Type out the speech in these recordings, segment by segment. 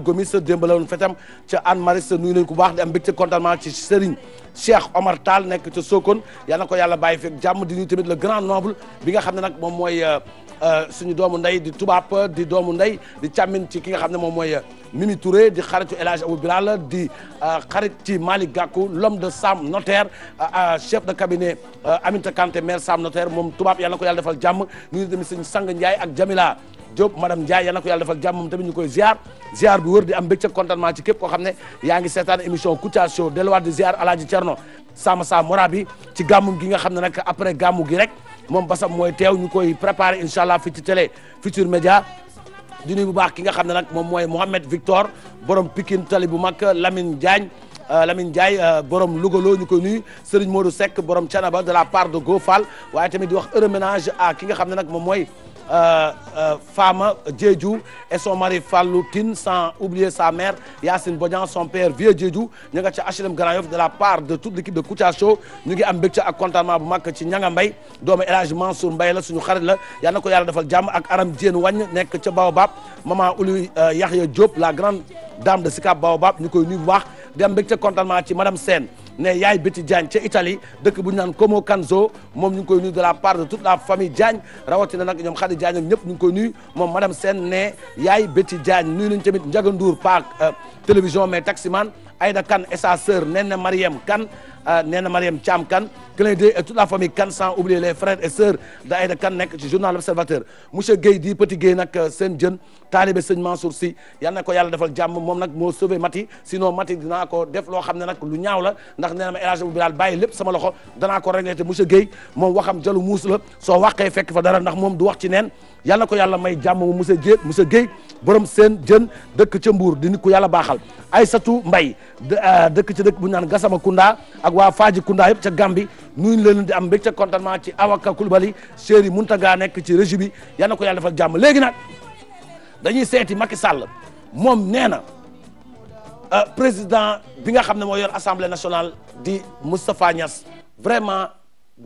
Gomis démb la woon fetam ca Anne Maris nuyu nañ ko baax di am mbégte contentement ci Serigne Cheikh Omar Tall nekk ca Sokone yal na ko yàlla bàyyi fekk jàmm di nuyu tamit le grand noble bi nga xam ne nag moom mooy euh, euh, suñu doomu ndey di tubaab di doomu ndey di càmmin ci ki nga xam ne moom mooy euh, Mimi Touré di xaritu ci Hadj Abou Bilal di xarit ci Malick Gakou l'homme de Sam Notaire chef de cabinet Aminata Kanté maire Sam Notaire moom tubaab yal na ko yàlla defal jàmm nuyu tamit sëñ Sang Ndiaye ak Jamila Diop madame Ndiaye yal na ko yàlla defal jàmm moom tamit ñu koy ziar ziar bi wër di am mbégte contentement ci képp koo xam ne yaa ngi seetaan émission Kouthia Show delluwaat di ziar Alaaji Cerno Sama Sa Mora bi ci gàmmu gi nga xam ne nag après gàmmu gi rek moom basam mooy teew ñu koy préparé incha allah fii ci télé Futur Média di bu baax ki nga xam ne nag moom mooy Mohamed Victor borom Pikine tali bu mag Lamine Diagne euh, Lamine Ndiaye euh, borom Lougaloo ñu koy nuyu Serigne Modou Seck borom Canaba de la part Go Fall waaye tamit di wax ménage à ki nga xam ne nag moom mooy Euh, euh, Fama Diédhiou e son mari Fallou Tine sans oublier sa mère Yacine Bodian son père Vieux Diédhiou ñu ca HLM Grand de la part de toute l'équipe de Kouthia Show ñu ngi am mbégte ak contentement bu mag ci Ñanga Mbay doomu El Hadj Mansour la suñu xarit la yal na ko yàlla defal jàmm ak Aram Diène Wagne nekk ca Baobab maman Ouli euh, Yahya Diop la grande dame de Sicap Baobab ñu koy nuyu bu baax di am mbégte contentement ci madame Sène ne yaay Betty Diagne ca Italie dëkk bu ñu naan Como Canzo moom ñu ngi koy nuyu de la part de toute la famille Diagne na nag ñoom Khady Diagne a ñëpp ñu ngi koy nuyu moom madame seen ne yaay Betty Diagne nuyu nañ tamit Ndiaga Ndour Park euh, télévision mais taximan Aïda Kane et sa sœur Nene Mariem kan Ah, nee na Mariam Thiam Kane clin d'œil et toute la famille Kane sans oublier les frères et sœurs de Aïda Kane nekk ci journal Observateur monsieur Guèye di petit Guèye nag euh, seen jën taalibe sëñ Mansour yal na ko yàlla defal jàmm moom nag moo sauvé Mati sinon Mati dinaa def loo xam ne nag lu ñaaw la ndax nee na ma éragé bu daal bàyyi lépp sama loxo danaa ko réglé te monsieur Guèye moom waxam jalu muus la soo waxee fekk fa dara ndax moom du wax ci neen yal na ko yàlla may jàmm mu monsieur Guèye monsieur borom seen jën dëkk ca Mbour di nit ku yàlla baaxal Aïssatou Mbaye euh, dëkk ci dëkk bu naan Gassama Kounda ak waa Fajikunda yëpp ca Gambie nuyu leen di am mbégte contentement ci Awaka Coulibaly Seri Muntaga nekk ci régie bi yal ko yàlla defal jàmm léegi nag dañuy seeti Macky Sall moom nee na euh, président bi nga xam ne moo yor assemblée nationale di Moustapha Niass vraiment.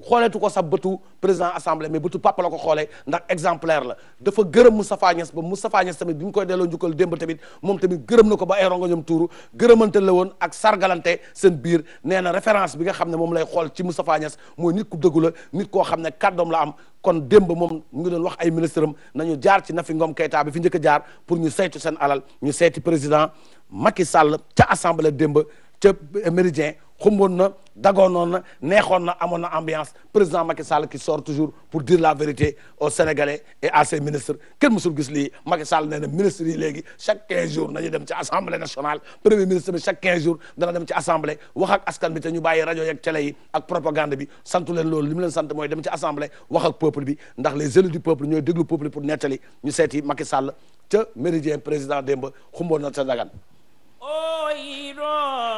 xooleetu ko sax bëtu président assemblée mais bëtu papa la ko xoolee ndax exemplaire la dafa gërëm Moustapha Niass ba Moustapha Niass tamit bi mu koy delloo njukkal démb tamit moom tamit gërëm na ko ba ay rongo ñoom tuuru gërëmante la woon ak sargalante seen biir nee na référence bi nga xam ne moom lay xool ci Moustapha Niass mooy nit ku dëggu la nit koo xam ne kàddoom la am kon démb moom mu ngi doon wax ay ministre am nañu jaar ci Nafi Ngom Keïta bi fi njëkk jaar pour ñu saytu seen alal ñu seeti président Macky Sall ca assemblée démb ca méridien xumboon na dagoonoon na neexoon na amoon na ambiance président Macky Sall qui sort toujours pour dire la vérité aux Sénégalais et à ses ministres kenn musul gis lii Macky Sall nee na ministres léegi chaque 15 jours nañu dem ci assemblée nationale premier ministre bi chaque 15 jours dana dem ci assemblée wax ak askan bi ñu bàyyi rajo yeeg télé bi santu leen loolu li mu leen sant mooy dem ci assemblée wax ak peuple bi ndax les élus du peuple ñooy déglu peuple pour nettali ñu seeti Macky Sall ca méridien président Demba xumboon na ca Dagane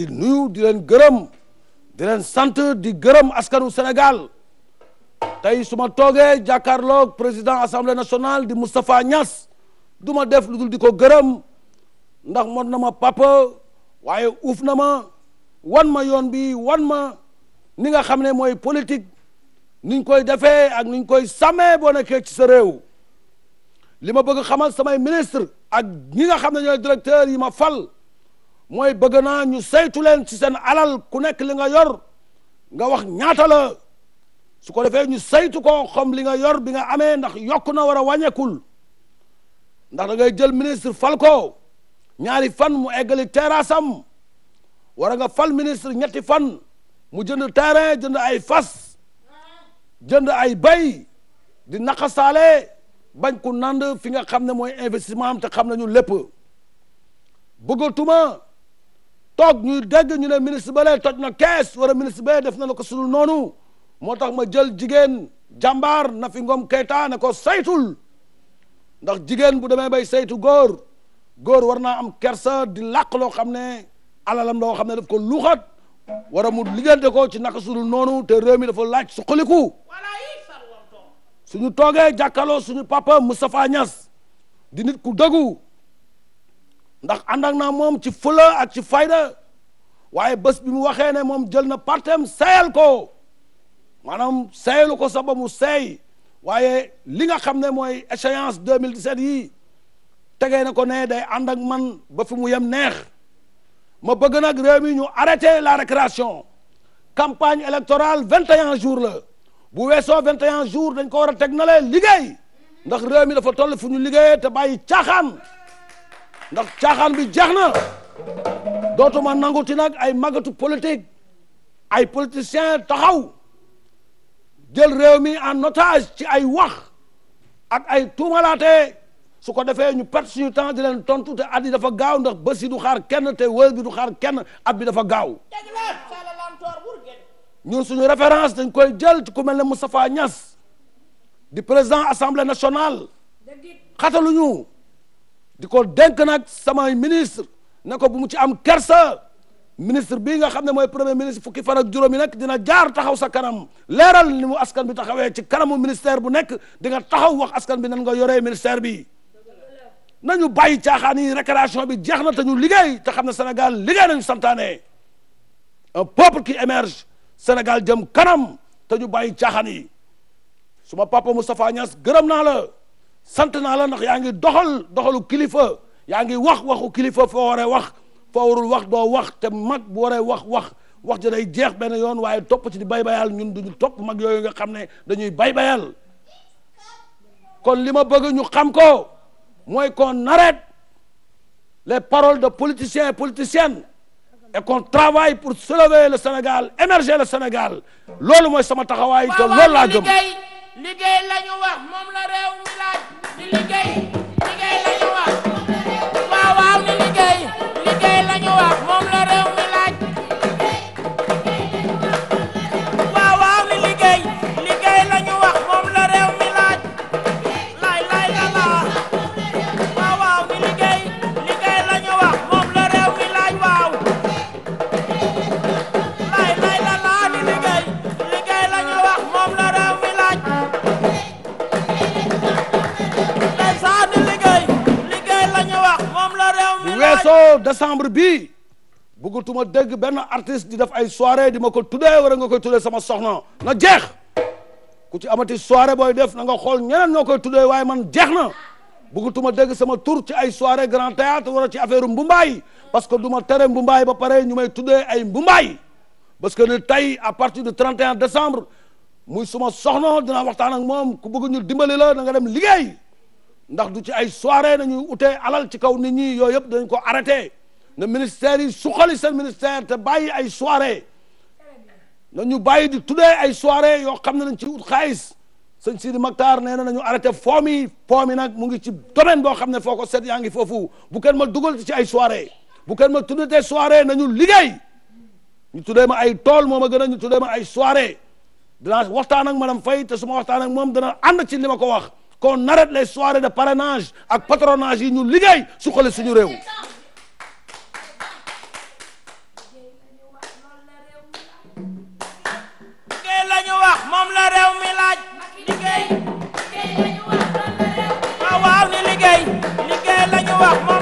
di nuyu di leen gërëm di sant di gërëm askanu Sénégal tey su ma toogee jàkkaarloog président assemblée nationale di Moustapha ñas duma ma def lu di ko gërëm ndax mën na ma papa waaye uuf na ma wan ma yoon bi wan ma ni nga xam ne mooy politique niñ koy defee ak niñ koy samee boo nekkee ci sa réew li ma bëgg xamal samay ministre ak ñi nga xam ne ñooy directeur yi ma fal mooy bëgg naa ñu saytu leen ci seen alal ku nekk li nga yor nga wax ñaata la su ko defee ñu saytu ko xam li nga yor bi nga amee ndax yokk na war a wàññeekul ndax da ngay jël ministre fal ko ñaari fan mu eggali terrassam war nga fal ministre ñetti fan mu jënd terrain jënd ay fas jënd ay bay di naqasaale bañ ku nand fi nga xam ne mooy investissement am te xam nañu lépp bëggatuma toog ñuy ñu ne ministre ba lee na kees wala ministre ba def na la ko sulul noonu moo tax ma jël jigéen jàmbaar na fi ngom kayta ne ko saytul ndax jigéen bu demee bay saytu góor góor war naa am kersa di làq loo xam ne alalam loo xam ne daf ko luxat war a mu liggante ko ci naka sulul noonu te réew mi dafa laaj suqaliku suñu toogee jàkkaloo suñu papa Moustapha Niass di nit ku dëggu ndax ànd ak naa moom ci fula ak ci fayda waaye bés bi mu waxee ne moom jël na partem seeyal ko maanaam seeyalu ko saba ba mu seey waaye li nga xam ne mooy échéance 2017 yii tegee na ko ne day ànd ak man ba fi mu yem neex ma bëgg nag réew mi ñu arrêté la récréation campagne électorale 21 jour la bu weesoo 21 jour dañ ko war a teg na leen liggéey ndax réew mi dafa toll fu ñu liggéeyee te bàyyi caaxaan ndax caaxaan bi jeex na dootuma nanguti nag ay magatu politique ay politiciens taxaw jël réew mi en otage ci ay wax ak ay tuumalaate su ko defee ñu perte suñu temps di leen tontu te at dafa gaaw ndax bés du xaar kenn te wër bi du xaar kenn at bi dafa gaaw ñun suñu référence dañ koy jël ci ku mel ne Moustapha Niass di président assemblée nationale xataluñu di ko denk nag samay ministre ne ko bu mu ci am kersa ministre bii nga xam ne mooy premier ministre fukki fan ak juróomi nag dina jaar taxaw sa kanam leeral ni mu askan bi taxawee ci kanamu ministère bu nekk di taxaw wax askan bi nan nga yoree ministère bi nañu bàyyi caaxaan yi récréation bi jeex na te ñu liggéey te xam ne Sénégal liggéey nañu santaane un peuple qui émerge Sénégal jëm kanam te ñu bàyyi caaxaan yi suma papa Moustapha Niass gërëm naa la sant naa la ndax yaa ngi doxal doxalu kilifa yaa ngi wax waxu kilifa foo waree wax foo warul wax doo wax te mag bu waree wax wax wax ji day jeex benn yoon waaye topp ci di bay bayal ñun duñu topp mag yooyu nga xam ne dañuy bay bayal kon li ma bëgg ñu xam ko mooy qu'on arrête le paroles de politiciens et politiciennes et kon travaille pour soulever le Sénégal émerger le Sénégal loolu mooy sama taxawaay te loolu laa gëm liggéey lañu wax moom la réew mi di liggéey liggéey lañu soo décembre bi bii bëggatuma dégg benn artiste di def ay soirée di ma ko tuddee wala nga koy tuddee sama soxna na jeex ku ci amati soirée booy def na nga xool ñeneen ñoo koy tuddee waaye man jeex na bëggatuma dégg sama tur ci ay soirée grand théâtre wala ci affaire mbumbaay parce que du ma tere mbumbaay ba pare ñu may tuddee ay mbumbaay parce que ne tay à partir du 31 décembre muy suma soxna dina waxtaan ak moom ku bëgg ñu dimbali la da nga dem liggéey ndax du ci ay na nañuy ute alal ci kaw nit ñi yooyu yëpp dañ ko arrêté na ministère yi suqali seen ministère te bàyyi ay soirée na ñu bàyyi di tuddee ay soirée yoo xam ne dañ ci ut xaalis sëñ Sidi Maktar nee na nañu arrêté foom yi foom yi nag mu ngi ci domaine boo xam ne foo ko set yaa ngi foofu bu kenn ma dugal ci ay soirée bu kenn ma tuddee soirée nañu liggéey ñu tude ma ay tool moo ma gën a ñu tuddee ma ay soirée dinaa waxtaan ak madame Faye te su waxtaan ak moom dana ànd ci li ma ko wax qu'on arrête les soirées de parrainage ak liggéey suqali suñu réew wax moom la réew mi liggéey waaw waaw ni la ñu wax